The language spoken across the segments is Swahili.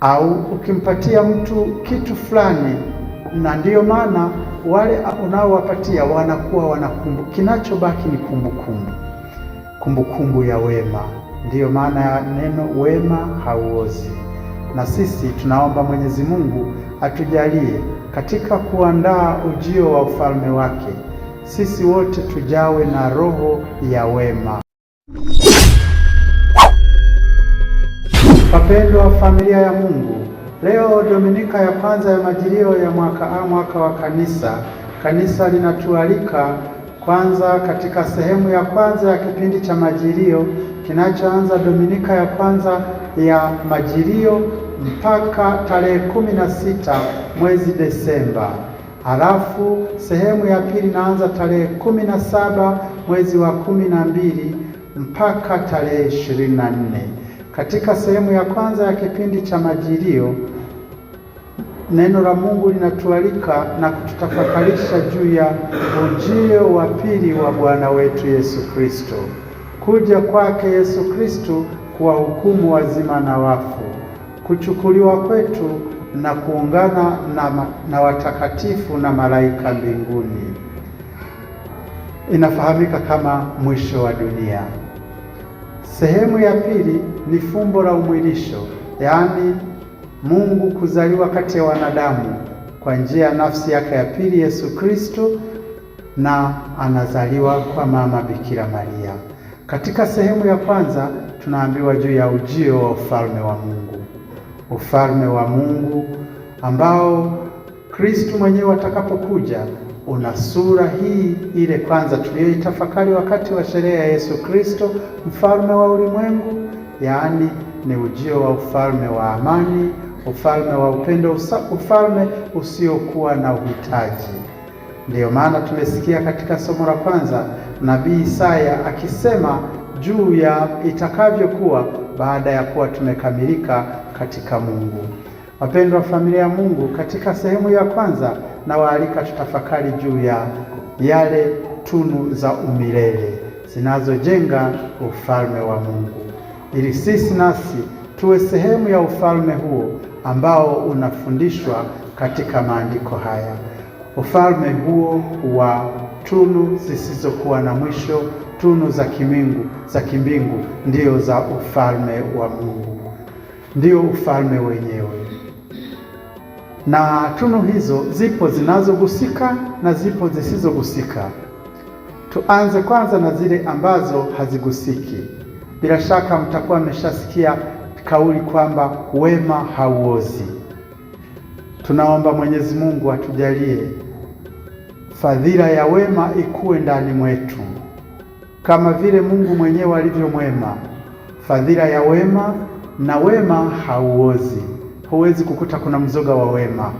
au ukimpatia mtu kitu fulani, na ndiyo maana wale unaowapatia wanakuwa wanakumbu, kinachobaki ni kumbukumbu, kumbukumbu ya wema. Ndiyo maana ya neno wema hauozi. Na sisi tunaomba Mwenyezi Mungu atujalie katika kuandaa ujio wa ufalme wake, sisi wote tujawe na roho ya wema. Wapendwa familia ya Mungu, leo Dominika ya kwanza ya majilio ya mwaka A mwaka wa kanisa, kanisa linatualika kwanza katika sehemu ya kwanza ya kipindi cha majilio kinachoanza Dominika ya kwanza ya majilio mpaka tarehe kumi na sita mwezi Desemba. Halafu sehemu ya pili inaanza tarehe kumi na saba mwezi wa kumi na mbili mpaka tarehe ishirini na nne. Katika sehemu ya kwanza ya kipindi cha Majilio, neno la Mungu linatualika na kututafakarisha juu ya ujio wa pili wa Bwana wetu Yesu Kristo, kuja kwake Yesu Kristo kuwahukumu wazima na wafu, kuchukuliwa kwetu na kuungana na, na watakatifu na malaika mbinguni. Inafahamika kama mwisho wa dunia. Sehemu ya pili ni fumbo la umwilisho, yaani Mungu kuzaliwa kati ya wanadamu kwa njia ya nafsi yake ya pili Yesu Kristo, na anazaliwa kwa mama Bikira Maria. Katika sehemu ya kwanza tunaambiwa juu ya ujio wa ufalme wa Mungu, ufalme wa Mungu ambao Kristo mwenyewe atakapokuja una sura hii ile kwanza tuliyoitafakari wakati wa sherehe ya Yesu Kristo, mfalme wa ulimwengu, yaani ni ujio wa ufalme wa amani, ufalme wa upendo, ufalme usiokuwa na uhitaji. Ndiyo maana tumesikia katika somo la kwanza nabii Isaya akisema juu ya itakavyokuwa baada ya kuwa tumekamilika katika Mungu. Wapendwa familia ya Mungu, katika sehemu ya kwanza na waalika tutafakari juu ya yale tunu za umilele zinazojenga ufalme wa Mungu ili sisi nasi tuwe sehemu ya ufalme huo ambao unafundishwa katika maandiko haya, ufalme huo wa tunu zisizokuwa na mwisho, tunu za kimingu za kimbingu, ndio za ufalme wa Mungu, ndio ufalme wenyewe na tunu hizo zipo zinazogusika na zipo zisizogusika. Tuanze kwanza na zile ambazo hazigusiki. Bila shaka mtakuwa mmeshasikia kauli kwamba wema hauozi. Tunaomba Mwenyezi Mungu atujalie fadhila ya wema ikuwe ndani mwetu, kama vile Mungu mwenyewe alivyo mwema. Fadhila ya wema, na wema hauozi huwezi kukuta kuna mzoga wa wema.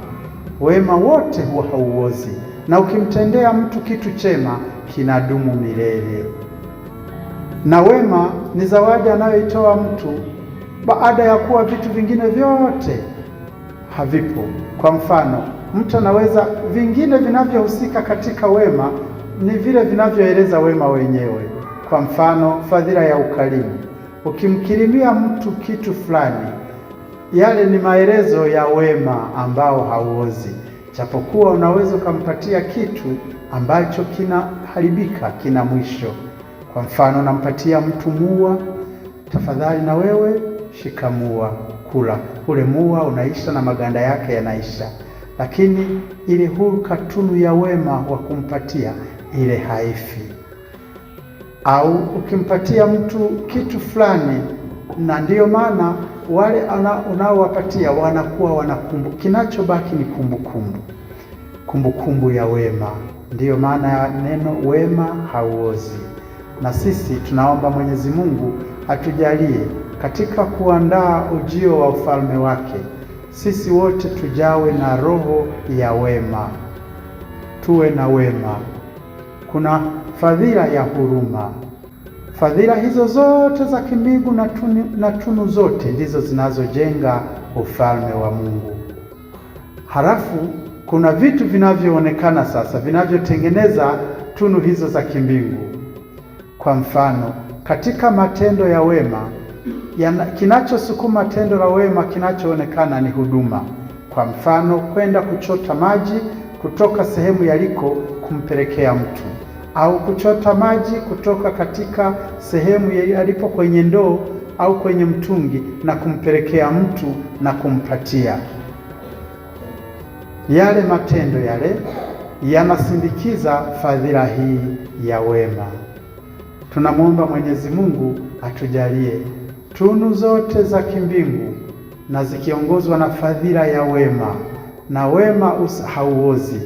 Wema wote huwa hauozi, na ukimtendea mtu kitu chema kinadumu milele. Na wema ni zawadi anayoitoa mtu baada ya kuwa vitu vingine vyote havipo. Kwa mfano, mtu anaweza, vingine vinavyohusika katika wema ni vile vinavyoeleza wema wenyewe. Kwa mfano, fadhila ya ukarimu, ukimkirimia mtu kitu fulani yale ni maelezo ya wema ambao hauozi, japokuwa unaweza ukampatia kitu ambacho kinaharibika, kina mwisho. Kwa mfano, nampatia mtu mua, tafadhali na wewe shika mua, kula. Ule mua unaisha na maganda yake yanaisha, lakini ile hulka tunu ya wema wa kumpatia ile haifi. Au ukimpatia mtu kitu fulani, na ndiyo maana wale unaowapatia wanakuwa wanakumbu, kinachobaki ni kumbukumbu, kumbukumbu ya wema. Ndiyo maana ya neno wema hauozi. Na sisi tunaomba Mwenyezi Mungu atujalie katika kuandaa ujio wa ufalme wake, sisi wote tujawe na roho ya wema, tuwe na wema. Kuna fadhila ya huruma Fadhila hizo zote za kimbingu na tunu, na tunu zote ndizo zinazojenga ufalme wa Mungu. Halafu kuna vitu vinavyoonekana sasa vinavyotengeneza tunu hizo za kimbingu. Kwa mfano, katika matendo ya wema kinachosukuma tendo la wema kinachoonekana ni huduma. Kwa mfano, kwenda kuchota maji kutoka sehemu yaliko kumpelekea mtu au kuchota maji kutoka katika sehemu alipo kwenye ndoo au kwenye mtungi na kumpelekea mtu na kumpatia. Yale matendo yale yanasindikiza fadhila hii ya wema. Tunamwomba Mwenyezi Mungu atujalie tunu zote za kimbingu na zikiongozwa na fadhila ya wema, na wema hauozi,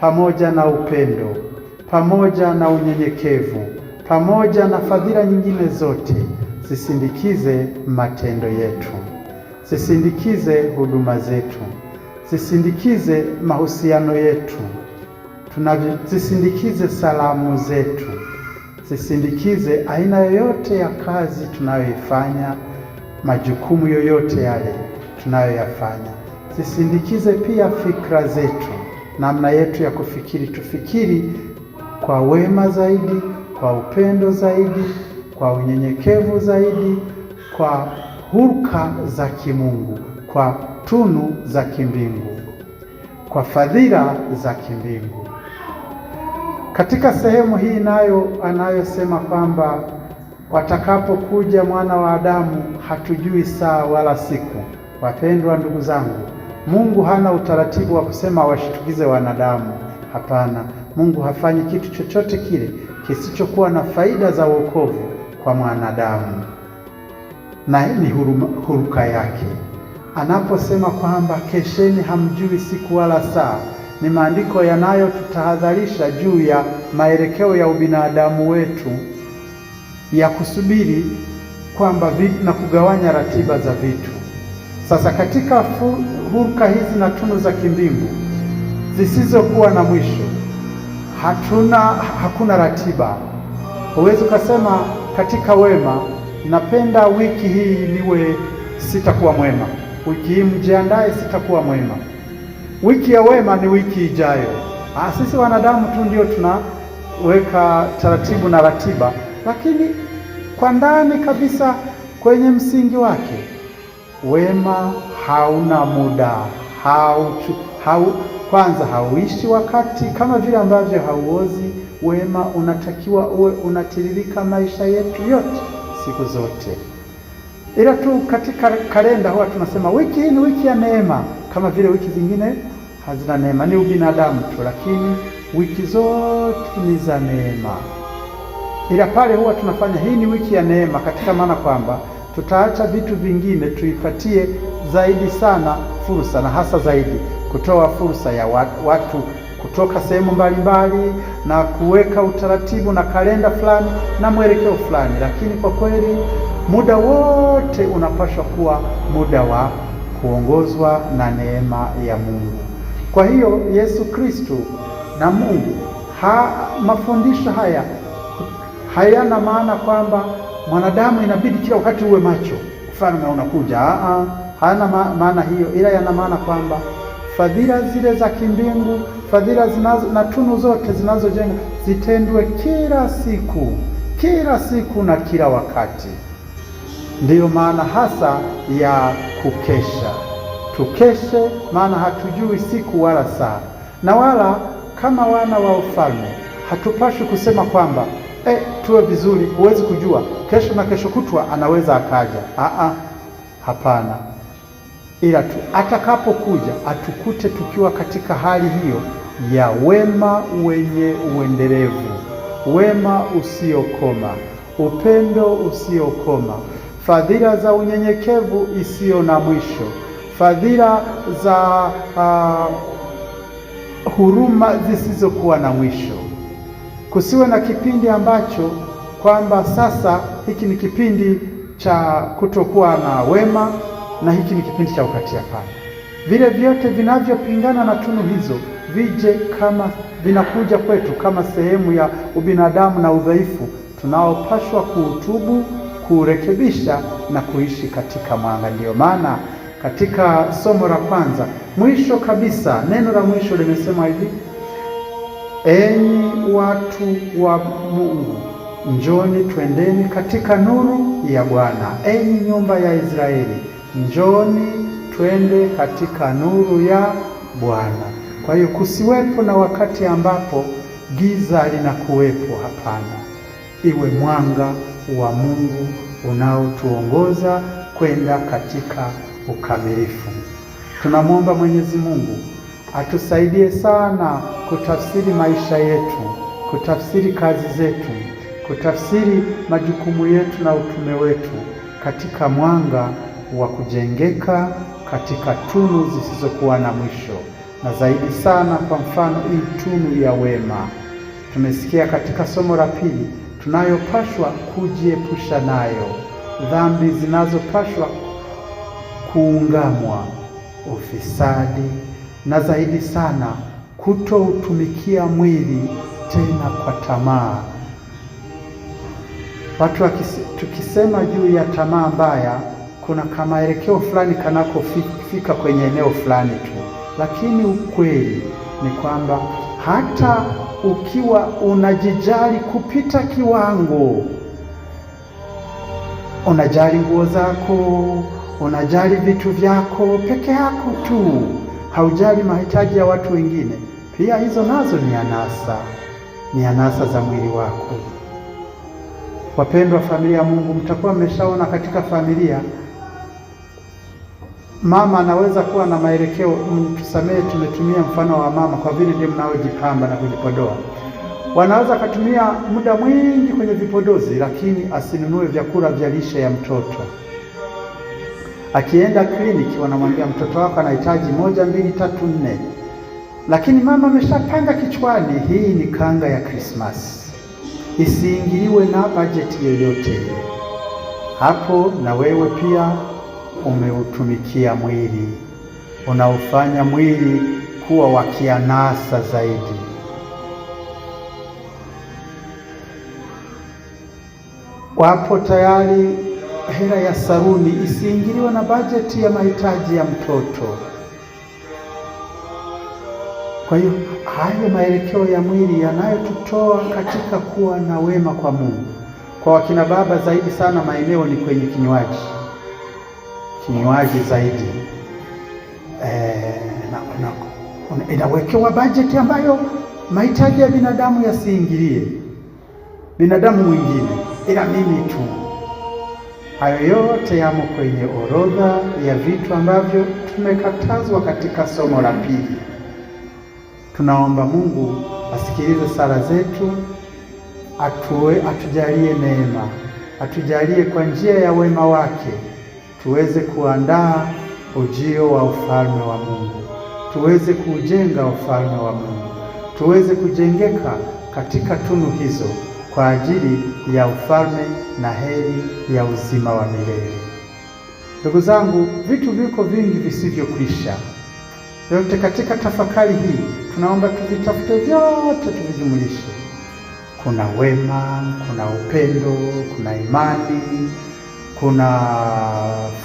pamoja na upendo pamoja na unyenyekevu, pamoja na fadhila nyingine zote zisindikize matendo yetu, zisindikize huduma zetu, zisindikize mahusiano yetu, zisindikize salamu zetu, zisindikize aina yoyote ya kazi tunayoifanya, majukumu yoyote yale tunayoyafanya, zisindikize pia fikra zetu, namna yetu ya kufikiri, tufikiri kwa wema zaidi, kwa upendo zaidi, kwa unyenyekevu zaidi, kwa hulka za kimungu, kwa tunu za kimbingu, kwa fadhila za kimbingu. Katika sehemu hii nayo anayosema kwamba watakapokuja mwana wa Adamu hatujui saa wala siku. Wapendwa ndugu zangu, Mungu hana utaratibu wa kusema washitukize wanadamu. Hapana. Mungu hafanyi kitu chochote kile kisichokuwa na faida za wokovu kwa mwanadamu, na hii ni huruka yake anaposema kwamba kesheni, hamjui siku wala saa. Ni maandiko yanayotutahadharisha juu ya maelekeo ya ubinadamu wetu ya kusubiri kwamba na kugawanya ratiba za vitu. Sasa katika huruka hizi na tunu za kimbingu zisizokuwa na mwisho hatuna, hakuna ratiba. Huwezi ukasema katika wema, napenda wiki hii niwe sitakuwa mwema, wiki hii mjiandae, sitakuwa mwema. Wiki ya wema ni wiki ijayo. Ah, sisi wanadamu tu ndio tunaweka taratibu na ratiba, lakini kwa ndani kabisa kwenye msingi wake wema hauna muda hauchu hau, kwanza hauishi wakati kama vile ambavyo hauozi. Wema unatakiwa uwe unatiririka maisha yetu yote siku zote, ila tu katika kalenda huwa tunasema wiki hii ni wiki ya neema, kama vile wiki zingine hazina neema, ni ubinadamu tu, lakini wiki zote ni za neema. Ila pale huwa tunafanya hii ni wiki ya neema, katika maana kwamba tutaacha vitu vingine tuipatie zaidi sana fursa na hasa zaidi kutoa fursa ya watu kutoka sehemu mbalimbali na kuweka utaratibu na kalenda fulani na mwelekeo fulani, lakini kwa kweli muda wote unapaswa kuwa muda wa kuongozwa na neema ya Mungu. Kwa hiyo Yesu Kristo na Mungu ha, mafundisho haya hayana maana kwamba mwanadamu inabidi kila wakati uwe macho, ufalme unakuja. Aa, ah, ah, hayana maana hiyo, ila yana maana kwamba fadhila zile za kimbingu, fadhila zinazo na tunu zote zinazojenga zitendwe kila siku, kila siku na kila wakati. Ndiyo maana hasa ya kukesha. Tukeshe, maana hatujui siku wala saa, na wala kama wana wa ufalme hatupashi kusema kwamba eh, tuwe vizuri, huwezi kujua kesho na kesho kutwa anaweza akaja. Aa, hapana ila tu atakapokuja atukute tukiwa katika hali hiyo ya wema wenye uendelevu, wema usiokoma, upendo usiokoma, fadhila za unyenyekevu isiyo na mwisho, fadhila za uh, huruma zisizokuwa na mwisho. Kusiwe na kipindi ambacho kwamba sasa hiki ni kipindi cha kutokuwa na wema na hiki ni kipindi cha ukatia pala. Vile vyote vinavyopingana na tunu hizo vije kama vinakuja kwetu kama sehemu ya ubinadamu na udhaifu tunaopashwa kuutubu, kuurekebisha na kuishi katika mwanga. Ndiyo maana katika somo la kwanza mwisho kabisa, neno la mwisho limesema hivi: enyi watu wa Mungu, njoni twendeni katika nuru ya Bwana, enyi nyumba ya Israeli Njoni twende katika nuru ya Bwana. Kwa hiyo kusiwepo na wakati ambapo giza linakuwepo, hapana. Iwe mwanga wa Mungu unaotuongoza kwenda katika ukamilifu. Tunamwomba Mwenyezi Mungu atusaidie sana kutafsiri maisha yetu, kutafsiri kazi zetu, kutafsiri majukumu yetu na utume wetu katika mwanga wa kujengeka katika tunu zisizokuwa na mwisho, na zaidi sana kwa mfano hii tunu ya wema. Tumesikia katika somo la pili tunayopashwa kujiepusha nayo, dhambi zinazopashwa kuungamwa, ufisadi, na zaidi sana kutoutumikia mwili tena kwa tamaa. Watu tukisema juu ya tamaa mbaya kuna kamaelekeo fulani kanakofika kwenye eneo fulani tu, lakini ukweli ni kwamba hata ukiwa unajijali kupita kiwango, unajali nguo zako, unajali vitu vyako peke yako tu, haujali mahitaji ya watu wengine, pia hizo nazo ni anasa, ni anasa za mwili wako. Wapendwa familia ya Mungu, mtakuwa mmeshaona katika familia Mama anaweza kuwa na maelekeo, mtusamehe, mm, tumetumia mfano wa mama kwa vile ndiye mnaojipamba na kujipodoa. Wanaweza akatumia muda mwingi kwenye vipodozi, lakini asinunue vyakula vya lishe ya mtoto. Akienda kliniki, wanamwambia mtoto wako anahitaji moja, mbili, tatu, nne, lakini mama ameshapanga kichwani, hii ni kanga ya Krismasi, isiingiliwe na bajeti yoyote. Hapo na wewe pia umeutumikia mwili, unaofanya mwili kuwa wa kianasa zaidi. Wapo tayari hela ya saruni isiingiliwe na bajeti ya mahitaji ya mtoto. Kwa hiyo hayo maelekeo ya mwili yanayotutoa katika kuwa na wema kwa Mungu. Kwa wakina baba zaidi sana maeneo ni kwenye kinywaji kinywaji zaidi e, na, na, inawekewa bajeti ambayo mahitaji ya binadamu yasiingilie binadamu mwingine ila mimi tu. Hayo yote yamo kwenye orodha ya vitu ambavyo tumekatazwa katika somo la pili. Tunaomba Mungu asikilize sala zetu, atuwe atujalie neema, atujalie kwa njia ya wema wake tuweze kuandaa ujio wa ufalme wa Mungu, tuweze kuujenga ufalme wa Mungu, tuweze kujengeka katika tunu hizo kwa ajili ya ufalme na heri ya uzima wa milele. Ndugu zangu, vitu viko vingi visivyokwisha. Yote katika tafakari hii tunaomba tuvitafute vyote, tuvijumulishe. Kuna wema, kuna upendo, kuna imani kuna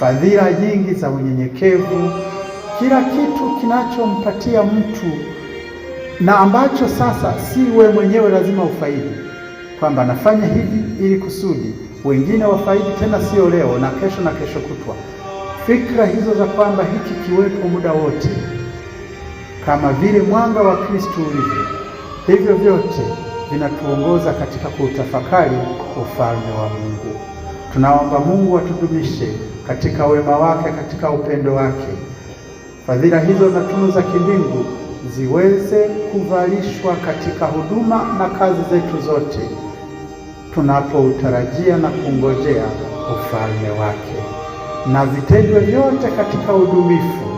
fadhila nyingi za unyenyekevu, kila kitu kinachompatia mtu na ambacho sasa si we mwenyewe lazima ufaidi, kwamba nafanya hivi ili kusudi wengine wafaidi, tena sio leo na kesho na kesho kutwa. Fikra hizo za kwamba hiki kiwepo muda wote, kama vile mwanga wa Kristo ulivyo, hivyo vyote vinatuongoza katika kutafakari ufalme wa Mungu. Tunaomba Mungu atudumishe katika wema wake, katika upendo wake. Fadhila hizo na tunu za kimbingu ziweze kuvalishwa katika huduma na kazi zetu zote, tunapoutarajia na kungojea ufalme wake, na vitendwe vyote katika udumifu,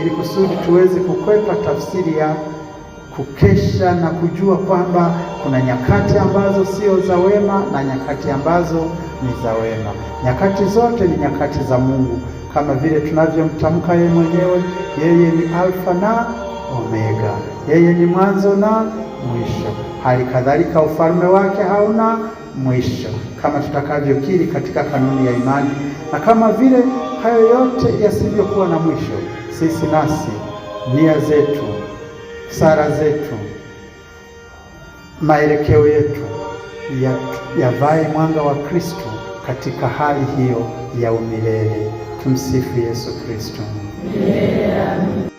ili kusudi tuweze kukwepa tafsiri ya kukesha na kujua kwamba kuna nyakati ambazo sio za wema na nyakati ambazo ni za wema. Nyakati zote ni nyakati za Mungu, kama vile tunavyomtamka yeye mwenyewe, yeye ni Alfa na Omega, yeye ni mwanzo na mwisho. Hali kadhalika ufalme wake hauna mwisho, kama tutakavyokiri katika kanuni ya imani. Na kama vile hayo yote yasivyokuwa na mwisho, sisi nasi nia zetu sala zetu, maelekeo yetu yavae ya mwanga wa Kristo katika hali hiyo ya umilele. Tumsifu Yesu Kristo. Yeah.